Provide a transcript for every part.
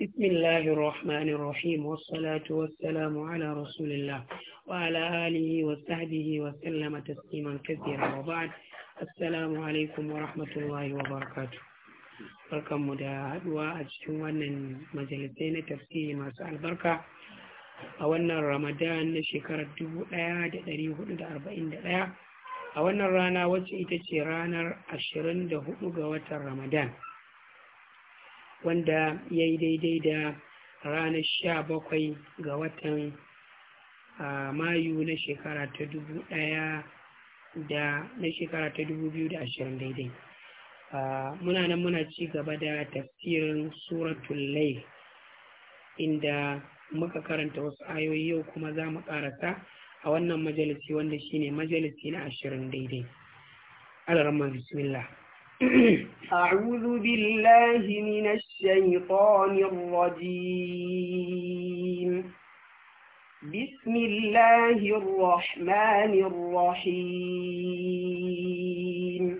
بسم الله الرحمن الرحيم والصلاة والسلام على رسول الله وعلى آله وصحبه وسلم تسليما كثيرا وبعد السلام عليكم ورحمة الله وبركاته barkan mu da haduwa a cikin wannan majalisai na tafsiri masu albarka a wannan ramadan na shekarar 1441 a wannan rana wacce ita ce ranar 24 ga watan ramadan wanda ya yi daidai da ranar sha bakwai ga watan mayu na shekara ta dubu ɗaya da na shekara ta dubu biyu da ashirin daidai muna nan muna ci gaba da tafsirin suratun lail inda muka karanta wasu ayoyi yau kuma za mu karasa a wannan majalisi wanda shine majalisi na ashirin daidai. Alaramma bismillah. أعوذ بالله من الشيطان الرجيم بسم الله الرحمن الرحيم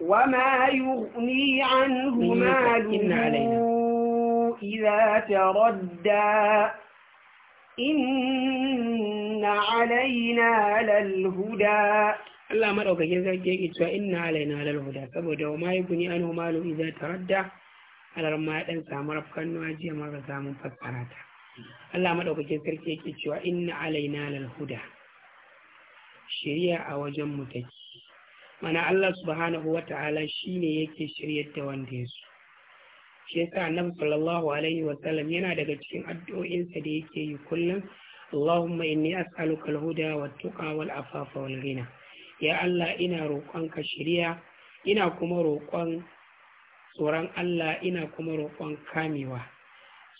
وما يغني عنه ماله إذا تردى إن علينا للهدى Allah madaukakin sarki yake cewa inna alaina lal huda saboda wa ma yuguni an malu idza taradda halar ma dan samu rafkan nuwa jiya mara samun fassara ta Allah madaukakin sarki yake cewa inna alaina lal huda shiriya a wajen mu take mana Allah subhanahu wata'ala shine yake shiryar da wanda ya so shi sa annabi sallallahu alaihi wa sallam yana daga cikin addu'o'insa da yake yi kullum Allahumma inni as'aluka al-huda wa tuqa wal-afafa wal-ghina ya Allah ina ka shirya ina kuma roƙon tsoron Allah ina kuma roƙon kamewa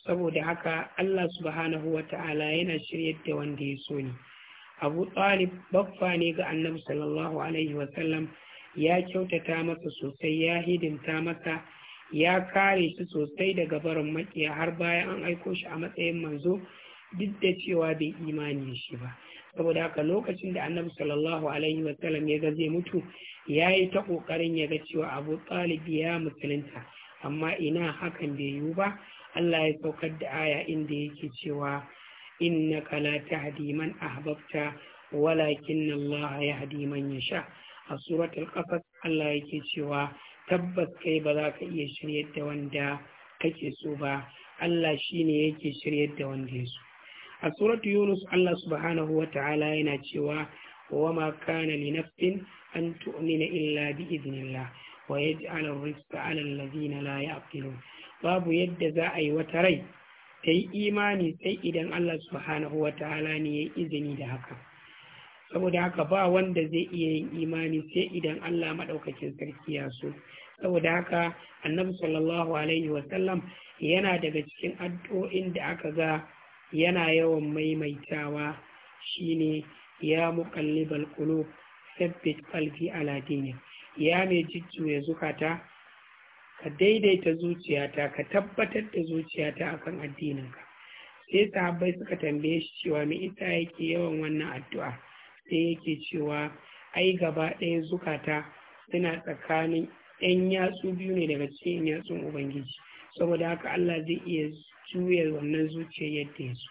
saboda haka Allah subhanahu wa ta'ala yana shiryar da wanda ya so ni Abu Talib baffa ne ga Annabi sallallahu alaihi wa sallam ya kyautata masa sosai ya hidimta masa ya kare shi sosai daga barin makiya har bayan an aiko shi a matsayin manzo duk da cewa bai imani shi ba saboda haka lokacin da annabi sallallahu alaihi wasallam ya ga zai mutu ya yi ta ƙoƙarin ya ga cewa abu talib ya musulunta amma ina hakan bai yiwu ba allah ya saukar da aya inda yake cewa innaka la tahdi man ahbabta walakin allah yahdi man yasha a suratul qasas allah yake cewa tabbas kai ba za ka iya shiryar da wanda kake so ba allah shine yake shiryar da wanda ya so a suratu yunus allah subhanahu wa ta'ala yana cewa wa ma kana li nafsin an tu'mina illa bi idnillah wa yaj'al ar-rizqa 'ala alladhina la ya'qilun babu yadda za a yi wata rai ta yi imani sai idan Allah subhanahu wa ta'ala ne ya izini da haka saboda haka ba wanda zai iya yin imani sai idan Allah maɗaukakin sarki ya so saboda haka annabi sallallahu alaihi wa sallam, yana daga cikin addu'o'in da aka ga yana yawan maimaitawa shine ya muqallibal qulub sabbit ƙalfi ala dinik ya mai jujjuya zukata ka daidaita zuciyata ka tabbatar da zuciyata akan addininka sai sahabbai suka tambaye shi cewa me ita yake yawan wannan addu'a sai yake cewa ai gaba ɗaya zukata suna tsakanin 'yan yatsu biyu ne daga cikin yatsun ubangiji saboda haka Allah zai iya juya wannan zuciyar yadda ya so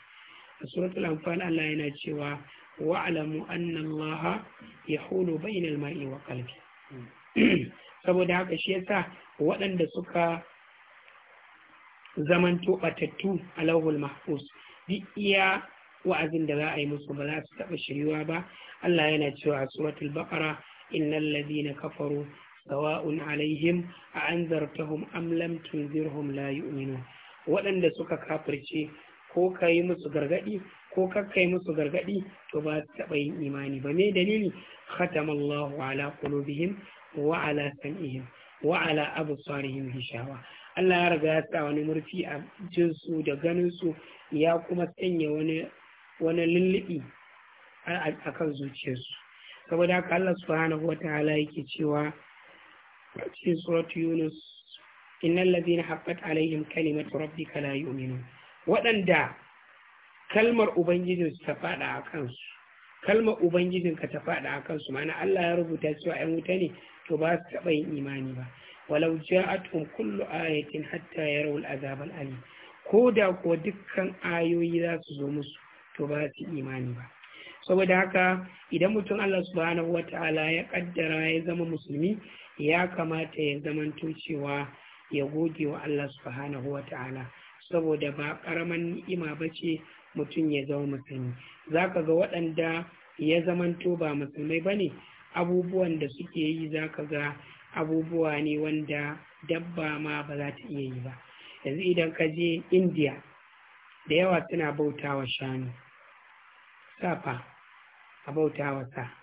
a suratul anfal Allah yana cewa wa'lamu anna Allah yahulu bainal mar'i wa qalbi saboda haka shi yasa waɗanda suka zamanto batattu a lauhul mahfuz duk iya wa'azin da za a yi musu ba za su taɓa shiryuwa ba Allah yana cewa a suratul baqara innal ladina kafaru sawa'un alaihim a anzartahum am lam tunzirhum layi yu'minun waɗanda suka kafirce ko ka yi musu gargaɗi ko kakka yi musu gargaɗi to ba su taɓa yin imani ba me dalili khatama Allahu ala qulubihim wa ala sam'ihim wa ala absarihim hishawa Allah ya riga ya sa wani murfi a jinsu da ganin su ya kuma sanya wani wani lullubi a kan zuciyarsu saboda haka Allah subhanahu wataala yake cewa a suratu yunus innal ladina alaihim kalimatu rabbika la waɗanda kalmar ubangijin ta faɗi a kansu kalmar ubangijin ka ta faɗa a kansu mana Allah ya rubuta cewa ‘yan wuta ne to ba su taɓa yin imani ba walau ja'atun kullu ayatin hatta yarawul azab al ko da kuwa dukkan ayoyi za su zo musu to ba su imani ba saboda haka idan mutum Allah subhanahu wata'ala ya ƙaddara ya zama musulmi ya kamata ya zamanto cewa ya goge wa Allah subhanahu wa ta'ala saboda ba ƙaramin ni'ima ba ce mutum ya zama musulmi za ka ga waɗanda ya zamanto ba musulmai ba ne abubuwan da suke yi za ka ga abubuwa ne wanda dabba ma ba za ta iya yi ba yanzu idan ka je indiya da yawa suna bautawa shanu safa a bautawa sa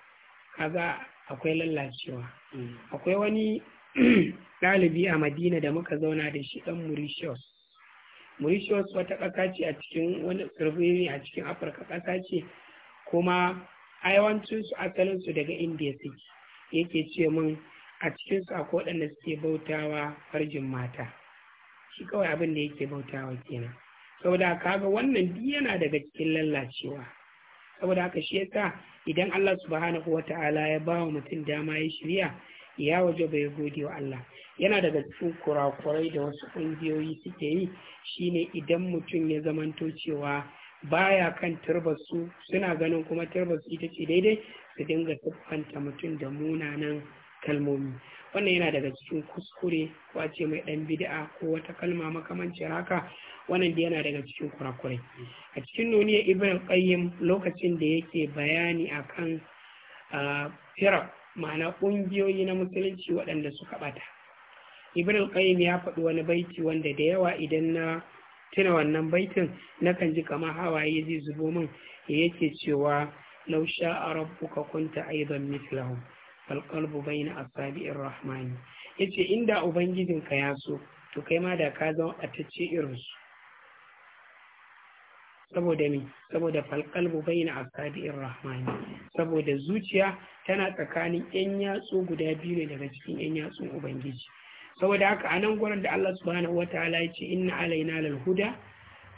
kaga akwai lallacewa akwai wani ɗalibi a madina da muka zauna da shi ɗan mauritius mauritius wata ƙasa ce a cikin wani tsirriri a cikin afirka ƙasa ce kuma a yawancinsu asalinsu daga indiya suke yake ce mun a cikinsu akwai waɗanda suke bautawa farjin mata shi kawai abin da yake bautawa kenan saboda kaga wannan duk yana daga cikin lallacewa saboda haka shi yasa idan Allah subhanahu wa ta'ala ya ba wa mutum dama ya shirya ya waje bai gode wa Allah yana daga cikin kurakurai da wasu ƙungiyoyi suke yi shine idan mutum ya zamanto cewa baya kan turbar su suna ganin kuma turbar su ita ce daidai su dinga siffanta mutum da munanan kalmomi wannan yana daga cikin kuskure ko a ce mai ɗan bid'a ko wata kalma makamancin haka wannan da yana daga cikin kurakurai a cikin nuniya ibn qayyim lokacin da yake bayani akan fira ma'ana ƙungiyoyi na musulunci waɗanda suka ɓata ibn qayyim ya faɗi wani baiti wanda da yawa idan na tuna wannan baitin nakan ji kamar hawaye zai zubo min yake cewa lausha a rabbuka kunta aidan mislahum falqalbu baina asabi'ir rahmani yace inda ubangijinka ya so to kai ma da ka zama atacce irin su saboda me saboda bai baina Asabi'in rahmani saboda zuciya tana tsakanin yan yatsu guda biyu ne daga cikin yan yatsun ubangiji saboda haka a nan gurin da Allah subhanahu wataala ya ce inna alaina lal huda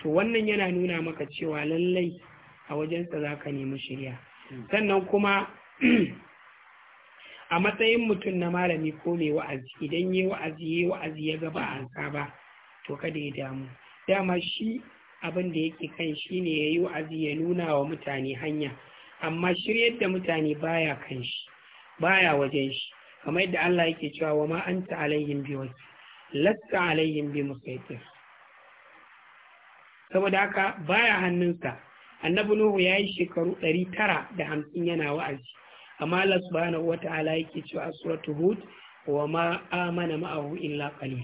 to wannan yana nuna maka cewa lallai a wajensa za ka nemi shirya hmm. sannan kuma a matsayin mutum na malami ko mai wa'azi idan yi wa'azi yi wa'azi ya gaba a ansa ba to kada ya damu dama shi abin da yake kan shi ne ya yi wa'azi ya nuna wa mutane hanya amma shiryar da mutane baya kan shi baya wajen shi kamar yadda Allah yake cewa wa ma anta alayhim bi wakil lasta alayhim bi musaitir saboda haka baya hannunsa annabi nuhu ya yi shekaru ɗari tara da hamsin yana wa'azi amma Allah subhanahu wata'ala yake cewa a suratu hud wa ma amana ma'ahu illa qalil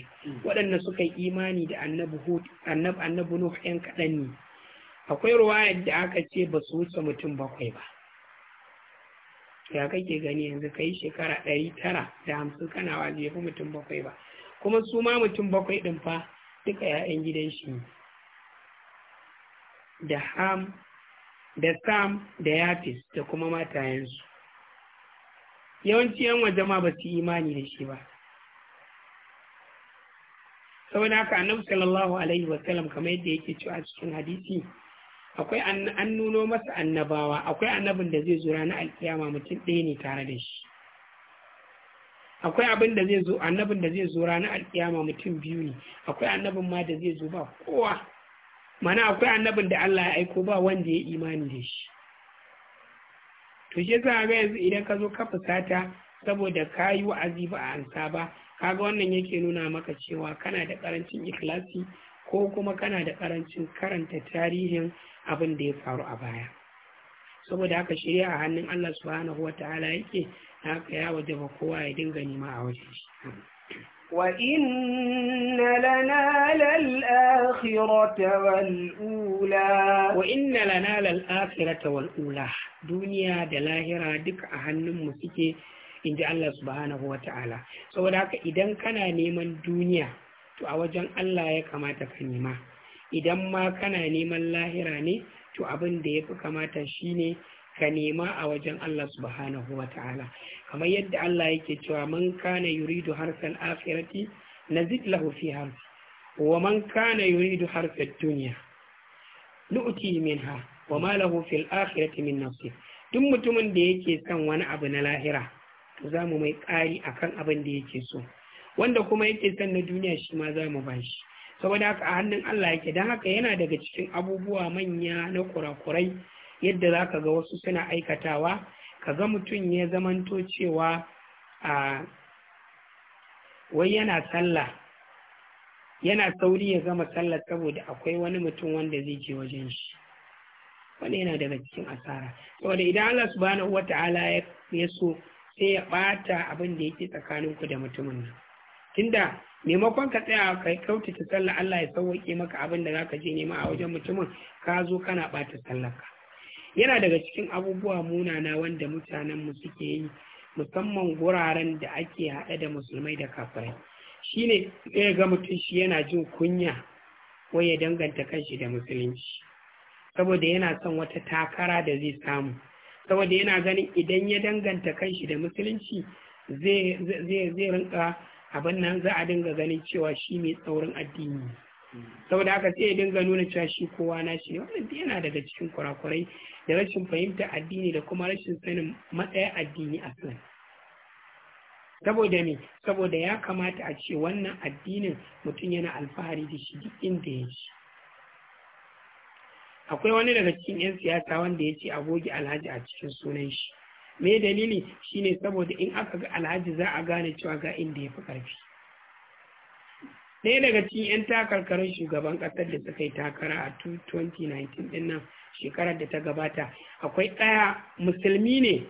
waɗanda suka yi imani da annabi hud annab annabi nuh ɗan kadan ne akwai ruwayar da aka ce ba su wuce mutum bakwai ba ya kake gani yanzu kai shekara ɗari tara da hamsin kana wa fi mutum bakwai ba kuma su ma mutum bakwai ɗin fa duka 'ya'yan gidan shi ne da ham da sam da yafis da kuma matayensu yawanci yan waje ma ba su imani da shi ba saboda haka annabi sallallahu alaihi wasallam kamar yadda yake cewa a cikin hadisi akwai an nuno masa annabawa akwai annabin da zai zo ranar alkiyama mutum ɗaya ne tare da shi akwai abin da zai zo annabin da zai zo ranar alkiyama mutum biyu ne akwai annabin ma da zai zo ba kowa mana akwai annabin da Allah ya aiko ba wanda ya imani da shi to shi yasa ga yanzu idan ka zo ka fusata saboda ka yi wa'azi ba a ansa ba kaga wannan yake nuna maka cewa kana da karancin ikilasi ko kuma kana da karancin karanta tarihin abin da ya faru a baya saboda haka shirya a hannun Allah subhanahu ta'ala yake haka ya ba kowa ya dinga nima a wajen shi وإن لنا للآخرة والأولى وإن لنا للآخرة والأولى دنيا دلاهرة دك أهنم مسيكي in ji Allah subhanahu wa ta'ala saboda haka idan kana neman duniya to a wajen Allah ya kamata ka nema idan ma kana neman lahira ne to abin da ya fi kamata shine ka nema a wajen Allah subhanahu wa ta'ala kamar yadda Allah yake cewa man kana yuridu harsal akhirati nazid lahu fi wa man kana yuridu harsal dunya nu'ti minha wa ma lahu fil akhirati min nasib duk mutumin da yake son wani abu na lahira to za mu mai ƙari akan abin da yake so wanda kuma yake son na duniya shi ma za mu ba shi saboda haka a hannun Allah yake don haka yana daga cikin abubuwa manya na kurakurai yadda za ka ga wasu suna aikatawa ka ga mutum ya zamanto cewa a wai yana sallah yana sauri ya gama sallah saboda akwai wani mutum wanda zai je wajen shi wanda yana daga cikin asara saboda idan Allah subhanahu wata'ala ya so sai ya bata abin da yake tsakaninku da mutumin nan tunda maimakon ka tsaya ka kautata sallah Allah ya sauwaƙe maka abin da zaka je nema a wajen mutumin ka zo kana bata sallar ka yana daga cikin abubuwa munana wanda mutanenmu suke yi musamman guraren da ake haɗe da musulmai da kafirai shine ɗaya ga mutum shi yana jin kunya wai ya danganta kanshi da musulunci saboda yana son wata takara da zai samu saboda yana ganin idan ya danganta kanshi da musulunci zai rinka abin nan za a dinga ganin cewa shi mai tsaurin addini hmm. saboda aka sai ya dinga nuna cewa shi kowa na shi ne wannan yana daga cikin kurakurai da rashin fahimtar addini da kuma rashin sanin matsayar addini a kan saboda me saboda ya kamata a ce wannan addinin mutum yana alfahari da shi duk inda ya ci akwai wani daga cikin 'yan siyasa wanda ya ce agogi alhaji a cikin sunan shi me dalili shine saboda in aka ga alhaji za a gane cewa ga inda ya fi ƙarfi ɗaya daga cikin 'yan takarkarin shugaban ƙasar da suka yi takara a 2019 ɗin nan shekarar da ta gabata akwai ɗaya musulmi ne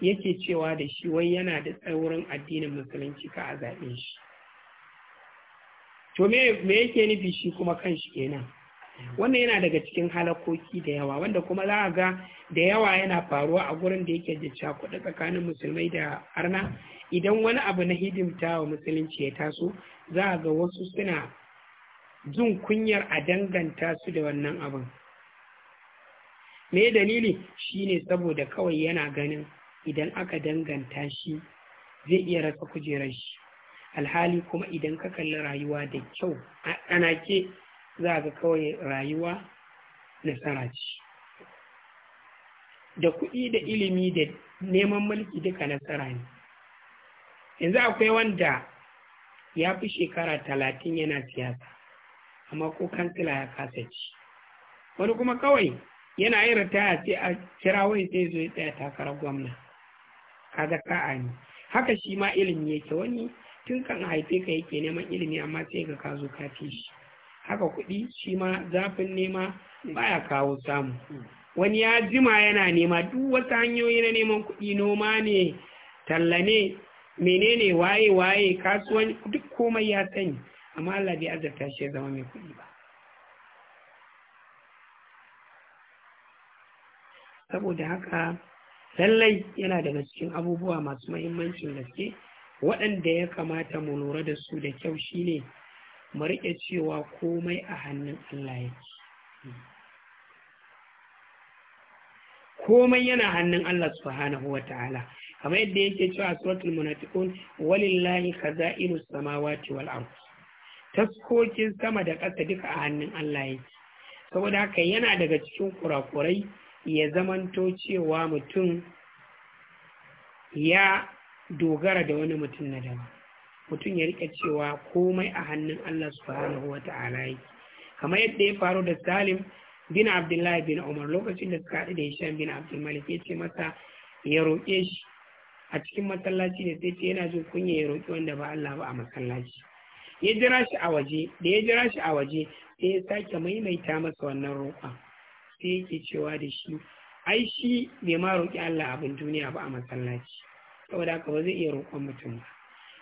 yake cewa da shi wai yana da tsaurin addinin musulunci ka a zaɓe shi to me yake nufi shi kuma kan shi kenan wannan yana daga cikin halakoki da yawa wanda kuma za a ga da yawa yana faruwa a gurin da yake da cakuɗa tsakanin musulmai da arna idan wani abu na hidimta wa musulunci ya taso za a ga wasu suna jin kunyar a danganta su da wannan abin me dalili shine saboda kawai yana ganin idan aka danganta shi zai iya rasa kujerar shi alhali kuma idan ka kalli rayuwa da kyau ana ke za ga kawai rayuwa nasara ce da kuɗi da ilimi da neman mulki duka nasara ne yanzu akwai wanda ya fi shekara talatin yana siyasa amma ko kansila ya kasa ci wani kuma kawai yana yin ritaya sai a kira wani sai zo ya tsaya takarar gwamna kaga a ne haka shi ma ilimi yake wani tun kan haife ka yake neman ilimi amma sai ga ka zo ka fi shi haka kuɗi shi ma zafin nema baya kawo samu wani ya jima yana nema duk wasu hanyoyi na neman kuɗi noma ne talla ne menene waye waye kasuwanci duk komai ya sani amma Allah bai azarta shi ya zama mai kuɗi ba saboda haka lallai yana daga cikin abubuwa masu mahimmancin gaske waɗanda ya kamata mu lura da su da kyau shine mu riƙe cewa komai a hannun Allah yake komai yana hannun Allah subhanahu wa ta'ala kamar yadda yake cewa suratul munafiqun walillahi khaza'inus samawati wal ard taskokin sama da ƙasa duka a hannun Allah yake saboda haka yana daga cikin kurakurai ya zamanto cewa mutum ya dogara da wani mutum na daba. mutum ya rike cewa komai a hannun Allah subhanahu wa ta'ala yake kamar yadda ya faru da Salim bin Abdullahi bin Umar lokacin da suka haɗu da Hisham bin Abdul Malik ya ce masa ya roƙe shi a cikin masallaci da sai ce yana jin kunya ya roƙi wanda ba Allah ba a masallaci ya jira shi a waje da ya jira shi a waje sai ya sake maimaita masa wannan roƙon sai yake cewa da shi ai shi bai ma roƙi Allah abin duniya ba a masallaci saboda haka ba zai iya roƙon mutum ba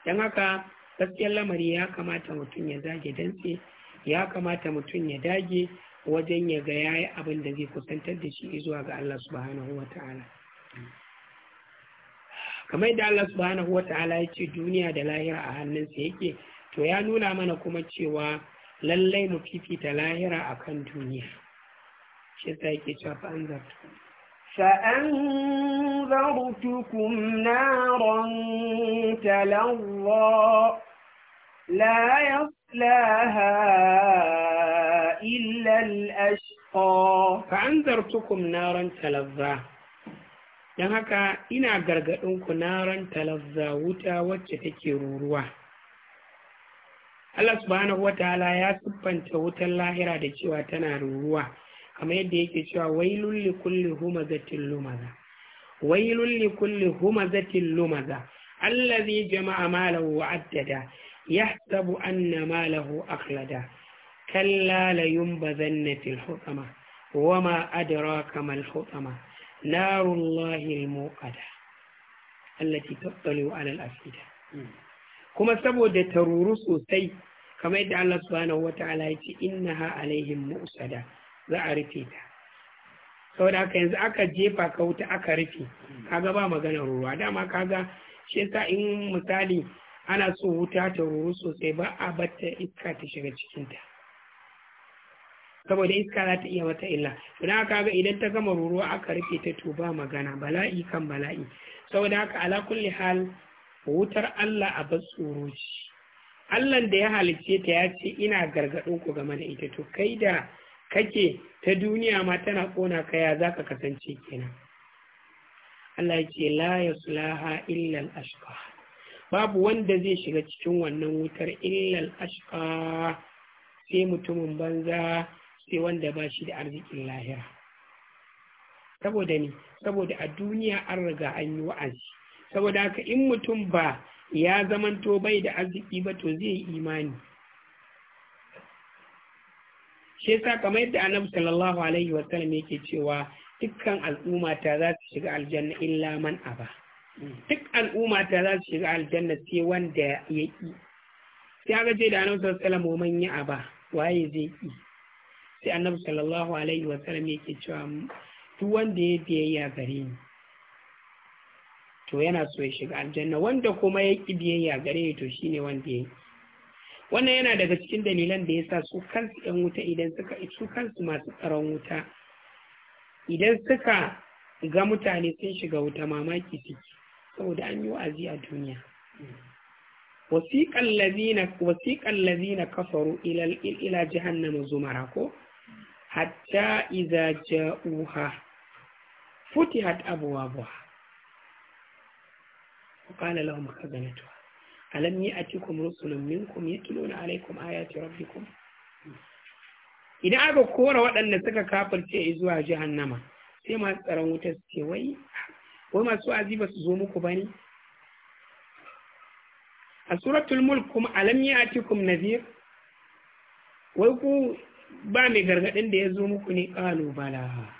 don haka gaskiyar lamari ya kamata mutum ya zage dantse ya kamata mutum ya dage wajen ya ga yayi abin da zai kusantar da shi zuwa ga Allah subhanahu wa kamar da Allah subhanahu wa ya ce duniya da lahira a hannunsa yake to ya nuna mana kuma cewa lallai mu fifita lahira akan duniya shi ta yake fa'anzar فأنذرتكم نارا تلظى لا يصلاها إلا الأشقى فأنذرتكم نارا تلظى don haka ina gargaɗinku naran talazza wuta wacce take ruruwa Allah subhanahu wa ta'ala ya siffanta wutar lahira da cewa tana ruruwa kamar yadda yake cewa wailul li kulli humazatin lumaza wailul li kulli humazatin lumaza allazi jama'a malahu wa addada yahsabu anna malahu akhlada kalla la yunbazanna fil hutama wama adraka mal hutama narullahi al muqada allati tattaliu ala al afida kuma saboda taruru sosai kamar yadda Allah subhanahu wataala ya ce innaha alaihim mu'sada za a rufe ta saboda haka yanzu aka jefa ka wuta aka rufe kaga ba magana ruwa dama kaga shi yasa in misali ana so wuta ta ruru sosai ba a batta iska ta shiga cikin ta saboda iska za ta iya wata illa don kaga kaga idan ta gama ruruwa aka rufe ta to ba magana bala'i kan bala'i saboda haka ala kulli hal wutar Allah a bar tsoro Allah da ya halicce ta ya ce ina gargaɗo ku game da ita to kai da kake ta duniya ma tana kona kaya ya za ka kasance kenan Allah ce la ya illa al-ashqa babu wanda zai shiga cikin wannan wutar illal ashqa sai mutumin banza sai wanda ba shi da arzikin lahira saboda ne saboda a duniya an riga an yi wa'azi saboda haka in mutum ba ya zamanto bai da arziki ba to zai yi imani shi yasa kamar yadda annabi sallallahu alaihi wa sallam yake cewa dukkan al'umma ta za su shiga aljanna illa man aba duk al'umma ta za su shiga aljanna sai wanda ya ki sai aka ce da annabi sallallahu alaihi wa sallam ya aba waye zai ki sai annabi sallallahu alaihi wa sallam yake cewa duk wanda ya ya gare ni to yana so ya shiga aljanna wanda kuma ya ki biyayya gare ni to shine wanda ya ki wannan yana daga cikin dalilan da ya sa su kansu ‘yan wuta idan suka su kansu masu tsaron wuta idan suka ga mutane sun shiga wuta mamaki ciki saboda an yi wa'azi a duniya wasiƙan lazina kafaru ila jihannama zumara ko hatta iza ja'uha futihat abuwa buha وقال wa خزنتها alam yi atikum rusulun minkum yatluna alaikum ayati rabbikum idan aka kora waɗanda suka kafirce zuwa jahannama sai masu tsaron wuta suke. wai wai masu azi ba su zo muku bane a suratul mulk kuma alam yi atikum nazir wai ku ba mai gargadin da ya zo muku ne ƙalu bala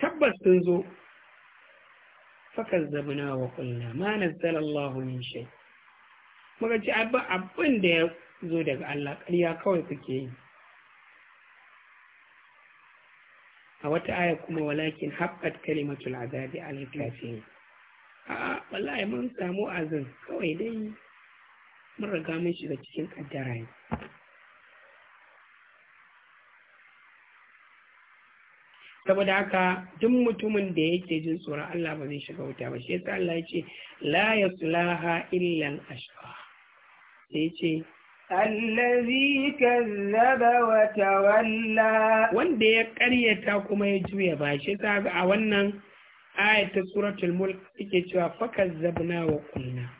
tabbas sun zo fakazzabna wa qulna ma nazzala Allahu min shay muka ci abin da ya zo daga Allah ƙarya kawai kuke yi a wata aya kuma walakin haqqat kalimatul azabi alal kafirin a'a wallahi mun samu azin kawai dai mun riga mun shiga cikin kaddara ne saboda haka duk mutumin da yake jin tsoron Allah ba zai shiga wuta ba shi yasa Allah ya ce la yaslaha illa al-ashqa sai ce allazi kazzaba wa tawalla wanda ya karyata kuma ya juya ba shi yasa a wannan ayat ta suratul mulk yake cewa fa kazzabna wa qulna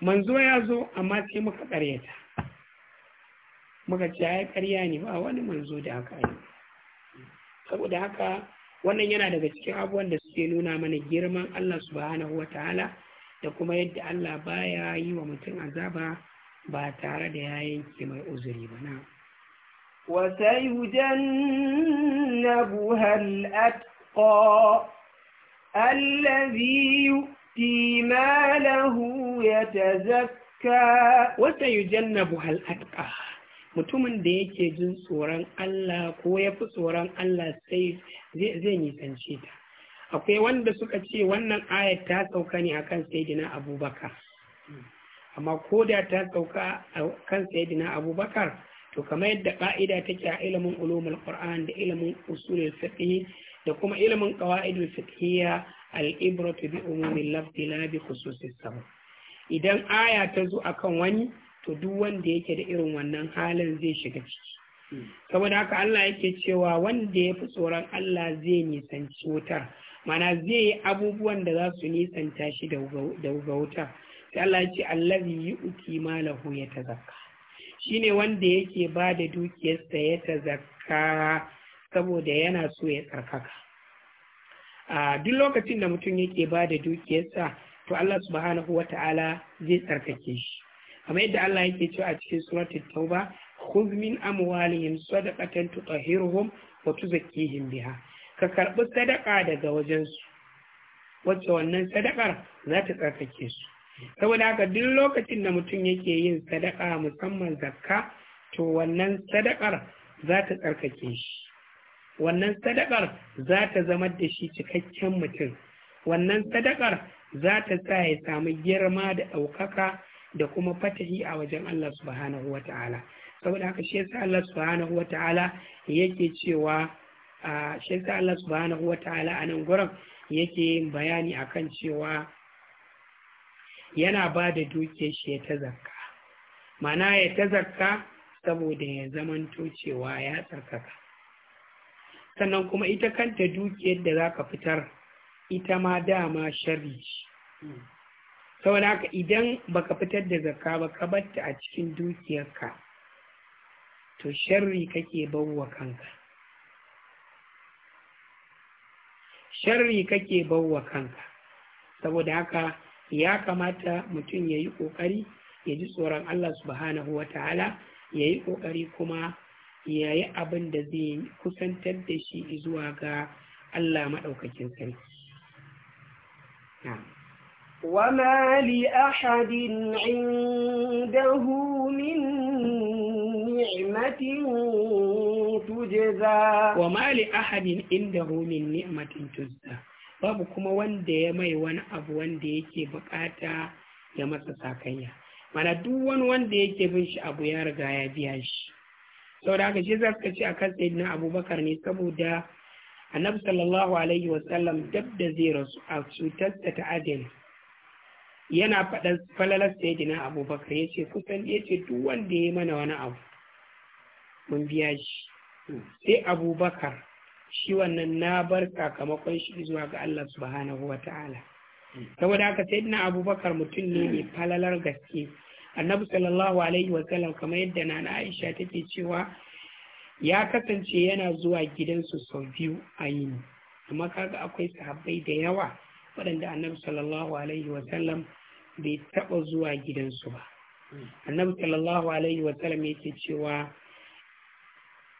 manzo ya zo amma sai muka karyata muka ce ai karya ne ba wani manzo da aka yi saboda haka wannan yana daga cikin abubuwan da suke nuna mana girman Allah subhanahu wataala da kuma yadda Allah baya yi wa mutum azaba ba tare da ya yanke mai uzuri ba na وسيجنبها الأتقى الذي يؤتي ماله يتزكى mutumin da yake jin tsoron Allah ko ya fi tsoron Allah sai zai nisanci ta akwai wanda suka ce wannan ayat ta sauka ne akan saidina abubakar amma ko da ta sauka kan saidina abubakar to kamar yadda ka'ida take a ilimin ulumul qur'an da ilimin usulul fiqh da kuma ilimin qawaidul fiqhiyya al-ibratu bi umumil lafzi la bi khususis idan aya ta zo a kan wani to duk wanda yake da irin wannan halin zai shiga ciki hmm. saboda haka Allah yake cewa wanda ya fi tsoron Allah zai nisanci wutar mana zai yi abubuwan da za su nisanta shi da wutar sai Allah ya ce allazi ta malahu Shi ne wanda yake ba da dukiyarsa ya ta tazakka saboda yana so ya tsarkaka a duk lokacin da mutum yake ba da dukiyarsa to Allah subhanahu wata'ala zai tsarkake shi kamar yadda Allah yake cewa a cikin suratul tauba khudh min amwalihim sadaqatan tutahhiruhum wa tuzakkihim biha ka karbi sadaka daga wajen su wacce wannan sadakar za ta tsarkake su saboda haka duk lokacin da mutum yake yin sadaka musamman zakka to wannan sadakar za ta tsarkake shi wannan sadakar za ta zama da shi cikakken mutum wannan sadakar za ta sa ya samu girma da ɗaukaka da kuma fatahi a wajen Allah subhanahu wa ta'ala saboda haka shi yasa Allah subhanahu wa ta'ala yake cewa shi yasa Allah subhanahu wa ta'ala a nan gurin yake bayani akan cewa yana ba da dukiyar shi ya ta zarka, mana ya ta zarka saboda ya zamanto cewa ya tsarkaka sannan kuma ita kanta dukiyar da za ka fitar ita ma dama sharri ce hmm. saboda haka idan baka fitar da zakka ba ka batta a cikin dukiyarka to sharri kake bawwa kanka sharri kake bawwa kanka saboda haka ya kamata mutum ya yi ƙoƙari ya ji tsoron Allah subhanahu wa ta'ala ya yi ƙoƙari kuma ya yi abin da zai kusantar da shi zuwa ga Allah maɗaukakin sarki. وما لأحد عنده من نعمة تجزى وما لأحد عنده من نعمة تجزى babu kuma wanda ya mai wani abu wanda yake bukata ya masa sakayya mana duk wani wanda yake bin shi abu ya riga ya biya shi saboda haka shi za ka a akan sayyidina abubakar ne saboda annabi sallallahu alaihi wasallam dab da zai rasu a cutarsa ta adali yana faɗar falalar sayidina abubakar ya ce kusan ya ce duk wanda ya mana wani abu mun biya shi sai abubakar shi wannan na bar sakamakon shi zuwa ga Allah subhanahu wa ta'ala saboda haka sayidina abubakar mutum ne mai falalar gaske annabi sallallahu alaihi wa sallam kamar yadda na Aisha take cewa ya kasance yana zuwa gidansu sau biyu a yini amma kaga akwai sahabbai da yawa waɗanda annabi sallallahu alaihi wasallam bai taɓa zuwa gidansu ba annabi sallallahu alaihi wasallam yake cewa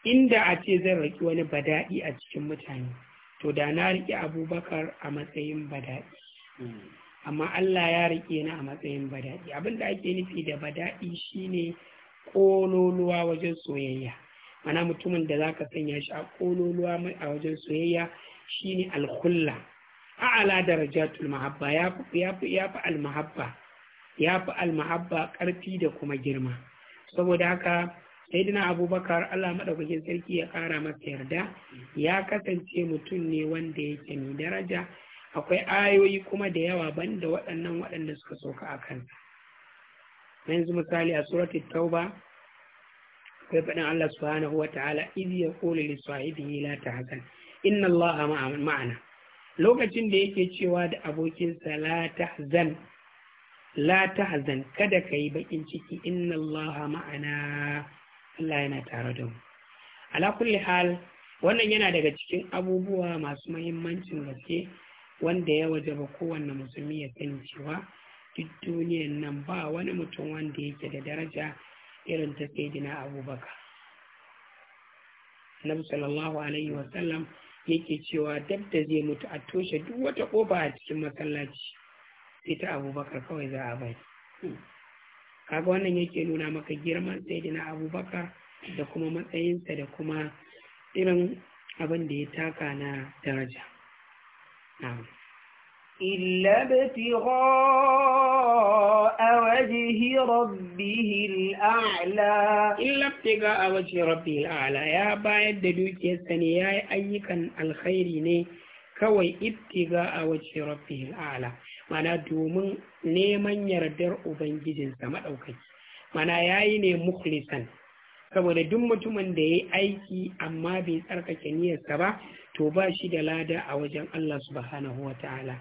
inda a ce zan raki wani bada'i a cikin mutane to da na riƙe abubakar a matsayin bada'i amma allah ya riƙe ni a matsayin bada'i da ake nufi da bada'i shine kololuwa wajen soyayya mana mutumin da zaka sanya shi a kololuwa a wajen soyayya shine alkulla a'ala darajatul mahabba ya fi ya fi ya fi almahabba ya fi almahabba karfi da kuma girma saboda haka sayyidina abubakar Allah madaukakin sarki ya kara masa yarda ya kasance mutum ne wanda yake mai daraja akwai ayoyi kuma da yawa banda waɗannan waɗanda suka soka a kansa yanzu misali a suratul tauba akwai faɗin Allah subhanahu wa ta'ala idh yaqulu li sahibihi la tahzan inna Allah ma'ana lokacin da yake cewa da abokinsa la tahzan la tahzan kada ka yi bakin ciki inna allaha ma'ana Allah yana tare da mu ala kulli hal wannan yana daga cikin abubuwa masu mahimmancin gaske wanda ya wajaba kowanne musulmi ya sani cewa duk duniyar nan ba wani mutum wanda yake da daraja irin ta saidina abubakar Nabi sallallahu alaihi wasallam yake cewa dab da zai mutu a toshe duk wata ƙofa a cikin masallaci sai ta abubakar kawai za a bai kaga wannan yake nuna maka girman na abubakar da kuma matsayinsa da kuma irin abin da ya taka na daraja. Illa beti وجه ربه الأعلى إلا ابتغاء وجه ربه الأعلى يا بايد دوك يستني يا أيكا الخير ني كوي ابتغاء وجه ربه الأعلى mana domin neman yardar ubangijinsa maɗaukaki mana ya yi ne mukhlisan saboda duk mutumin da ya yi aiki amma bai tsarkake niyarsa ba to ba shi da lada a wajen Allah subhanahu wa ta'ala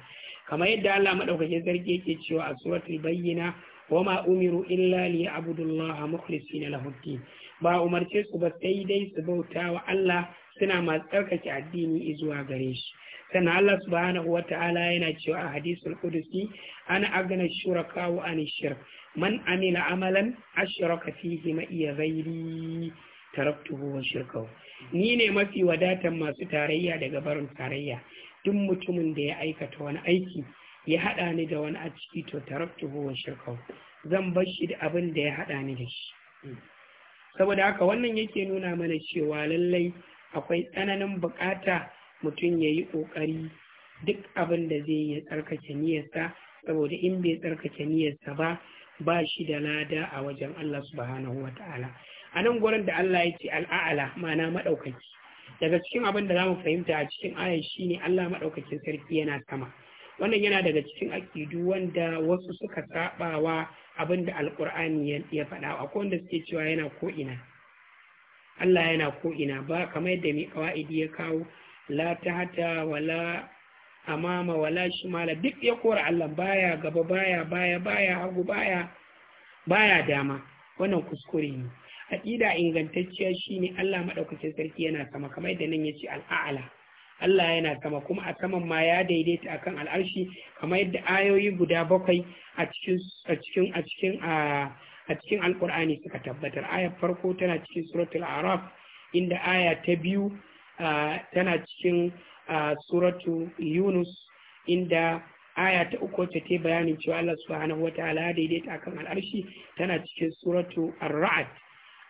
kamar yadda Allah madaukakin sarki yake cewa a suratul bayyina wama umiru illa li abudullaha mukhlisina lahu din ba umarce su ba sai dai su bauta wa Allah suna masu tsarkake addini izuwa gare shi sannan Allah subhanahu wa ta'ala yana cewa a hadisul qudusi ana agana shuraka wa an shirk man amila amalan ashraka fihi ma iya ghairi taraktuhu wa shirkahu ni ne mafi wadatan masu tarayya daga barin tarayya duk mutumin da ya aikata wani aiki ya haɗa ni da wani aciki, ciki to taraktuhu wa shirkau zan bar shi da abin da ya haɗa ni da shi saboda haka wannan yake nuna mana cewa lallai akwai tsananin bukata mutum ya yi ƙoƙari duk abin da zai yi tsarkake niyarsa, saboda in bai tsarkake niyarsa ba ba shi da lada a wajen Allah subhanahu wa ta'ala a nan gurin da Allah ya ce al'a'ala ma'ana maɗaukaki daga cikin abin da za mu fahimta a cikin ayar shi ne Allah maɗaukakin sarki yana sama wannan yana daga cikin aƙidu wanda wasu suka sabawa abin da alƙur'ani ya faɗa akwai wanda suke cewa yana ko'ina Allah yana ko'ina ba kamar yadda mai ƙawa'idi ya kawo la ta hata wala amama wala shimala duk ya kora Allah baya gaba baya baya baya hagu baya baya dama wannan kuskure ne aƙida ingantacciya ne Allah maɗaukacin sarki yana sama kamar yadda nan ya ce al'a'ala Allah yana sama kuma a saman ma ya daidaita akan al'arshi kamar yadda ayoyi guda bakwai a cikin a cikin a cikin a cikin alqur'ani suka tabbatar ayar farko tana cikin suratul araf inda aya ta biyu tana cikin suratu yunus inda aya ta uku ta ta bayanin cewa Allah subhanahu wataala ya daidaita akan al'arshi tana cikin suratu ar-ra'd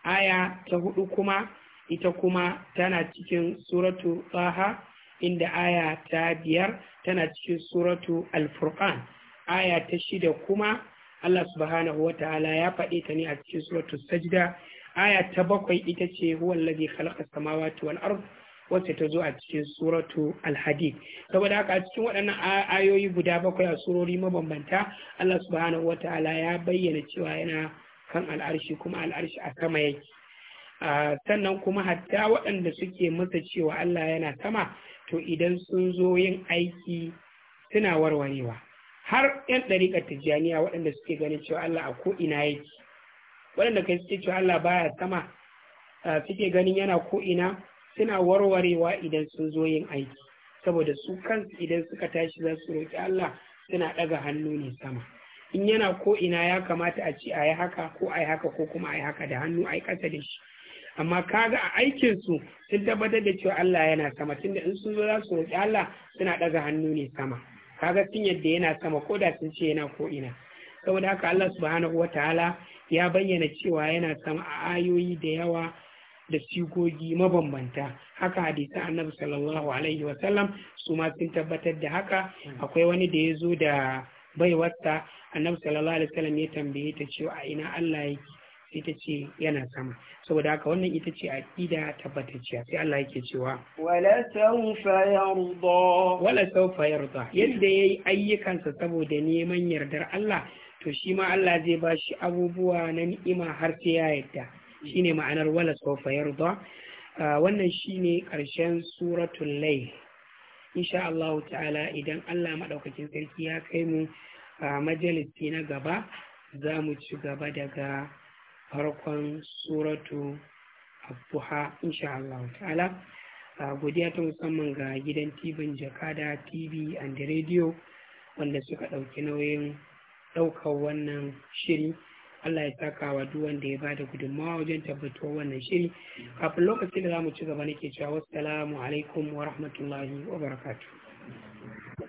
aya ta hudu kuma ita kuma tana cikin suratu tsaha inda aya ta biyar tana cikin suratu al-furqan aya ta shida kuma Allah subhanahu wa ta'ala ya faɗe ta ne a cikin suratu sajda aya ta bakwai ita ce huwa allazi khalaqa samawati wal ard wacce ta zo a cikin suratu al-hadid saboda haka a cikin waɗannan ayoyi guda bakwai a surori mabambanta Allah subhanahu wa ta'ala ya bayyana cewa yana kan al'arshi kuma al'arshi a sama yake sannan kuma hatta waɗanda suke masa cewa Allah yana sama to idan sun zo yin aiki suna warwarewa har 'yan ɗariƙar tijjaniya waɗanda suke ganin cewa Allah a ko'ina yake waɗanda kai suke cewa Allah baya sama suke ganin yana ko'ina suna warwarewa idan sun zo yin aiki saboda su kansu idan suka tashi za su roƙi Allah suna ɗaga hannu ne sama in yana ko ina ya kamata a ce a yi haka ko a yi haka ko kuma a yi haka da hannu a yi ƙasa da shi amma kaga a aikinsu sun tabbatar da cewa Allah yana sama tunda in sun zo za su roƙi Allah suna ɗaga hannu ne sama kaga sun yadda yana sama ko da sun ce yana ko ina saboda haka Allah subhanahu ta'ala ya bayyana cewa yana sama a ayoyi da yawa da sigogi mabambanta haka hadisan annabi sallallahu alaihi sallam su ma sun tabbatar da haka akwai wani da ya zo da baiwarta annabi sallallahu alaihi wasallam ya tambaye ta cewa a ina Allah yake sai ce yana sama saboda haka wannan ita ce aqida tabbatacciya sai Allah yake cewa wala sawfa yarda wala sawfa yarda yadda yayi ayyukansa saboda neman yardar Allah to shi ma Allah zai ba shi abubuwa na ni'ima har sai ya yarda shine ma'anar wala sawfa yarda ah, wannan shine karshen suratun lai. insha Allah ta'ala idan Allah maɗaukakin sarki ya kai mu a majalisi na gaba za mu ci gaba daga farkon suratu abuha insha Allah ta'ala godiya ta musamman ga gidan tv jakada tv and radio wanda suka ɗauki nauyin ɗaukar wannan shiri Allah ya saka wa duk wanda ya bada gudunmawa wajen wa wannan shiri kafin lokacin da za mu ci gaba nake cewa wassalamu alaikum wa rahmatullahi wa barakatuh